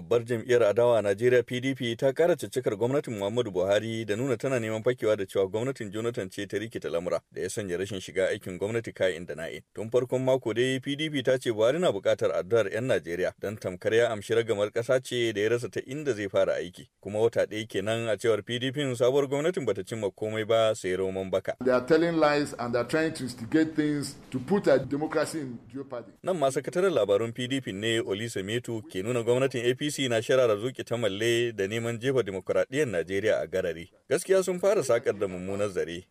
Babbar jam'iyyar adawa a Najeriya PDP ta kara cikar gwamnatin Muhammadu Buhari da nuna tana neman fakewa da cewa gwamnatin Jonathan ce ta rikita lamura da ya sanya rashin shiga aikin gwamnati kayan da nai Tun farkon mako dai PDP ta ce Buhari na bukatar addu'ar 'yan Najeriya don tamkar ya amshi ragamar kasa ce da ya rasa ta inda zai fara aiki. Kuma wata ɗaya kenan a cewar PDP sabuwar gwamnatin bata cimma komai ba sai roman baka. They are telling lies and they are trying to instigate things to put democracy in jeopardy. Nan ma sakataren labarun PDP ne Olisa Metu ke nuna gwamnatin APC APC na shirar zuki ta malle da neman jefa demokuraɗiyyar Najeriya a garari. Gaskiya sun fara sakar da mummunar zare.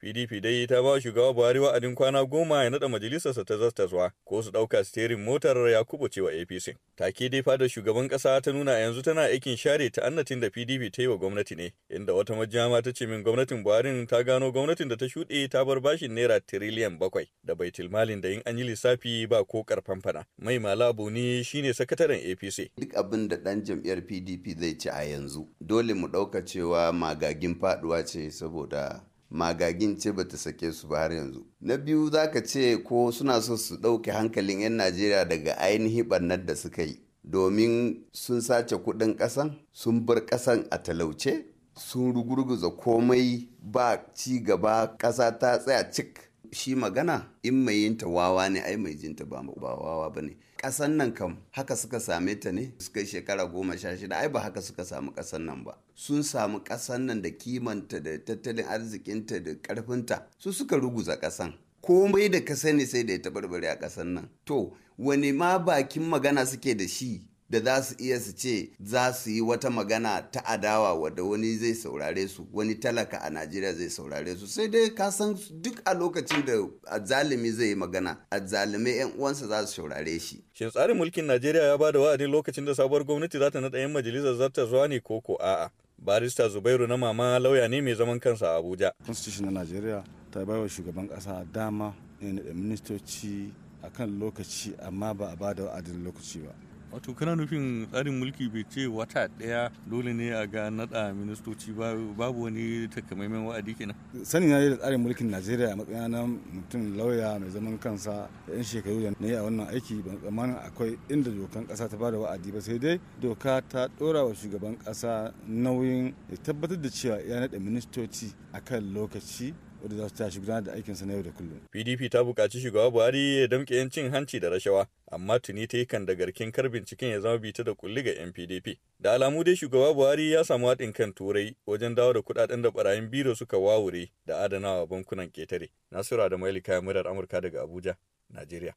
PDP dai ta ba shugaba Buhari wa'adin kwana goma ya naɗa majalisarsa ta zartaswa ko su ɗauka sterin motar ya kubuce wa APC. take dai fadar shugaban kasa ta nuna yanzu tana aikin share ta'annatin da pdp ta yi wa gwamnati ne inda wata majama ta ce min gwamnatin buhari ta gano gwamnatin da ta shuɗe ta bar bashin naira tiriliyan bakwai da bai tilmalin da in an yi lissafi ba ko karfan fana mai malabu ne shine sakataren apc duk abin da dan jam'iyyar pdp zai ci a yanzu dole mu ɗauka cewa magagin faduwa ce saboda magagin ce ba ta sake su ba har yanzu na biyu za ka ce ko suna so su ɗauke hankalin 'yan najeriya daga ainihin ɓarnar da suka yi domin sun sace kuɗin ƙasan sun bar ƙasan a talauce sun rugurguza komai ba ci gaba ƙasa ta tsaya cik shi magana in mai yinta wawa ne ai mai jinta ba wawa ba ne kasan nan kam haka suka same ta ne suka yi shekara goma sha shida ai ba haka suka samu kasan nan ba sun samu kasan nan da kimanta da tattalin arzikinta da ƙarfinta su suka ruguza kasan komai da ka sani sai da ya taɓarɓare a kasan nan to wani ma bakin magana suke da shi da za su iya su ce za su yi wata magana ta adawa wadda wani zai saurare su wani talaka a najeriya zai saurare su sai dai ka san duk a lokacin da azalimi zai yi magana azalimi yan uwansa za su saurare shi shin tsarin mulkin najeriya ya ba da wa'adin lokacin da sabuwar gwamnati za ta naɗa yan majalisar zarta zuwa ne ko ko a'a barista zubairu na mama lauya ne mai zaman kansa a abuja constitution na najeriya ta bai wa shugaban kasa dama ne da ministoci akan lokaci amma ba a ba da wa'adin lokaci ba wato kana nufin tsarin mulki bai ce wata ɗaya dole ne a ga naɗa ministoci babu wani takamaiman wa'adi kenan sani na da tsarin mulkin najeriya a matsayin na mutum lauya mai zaman kansa da yan shekaru da na yi a wannan aiki ban tsammanin akwai inda dokan ƙasa ta bada wa'adi ba sai dai doka ta ɗora wa shugaban ƙasa nauyin ya tabbatar da cewa ya naɗa ministoci kan lokaci wadda za su tashi gudanar da aikinsa na yau da kullum. PDP ta buƙaci shugaba Buhari ya damƙe 'yancin hanci da rashawa amma tuni ta yi kan da garkin kar binciken ya zama bita da kulli ga 'yan PDP. Da alamu dai shugaba Buhari ya samu haɗin kan turai wajen dawo da kuɗaɗen da ɓarayin biro suka wawure da adanawa bankunan ƙetare. Nasura da Mailika Murar Amurka daga Abuja, Najeriya.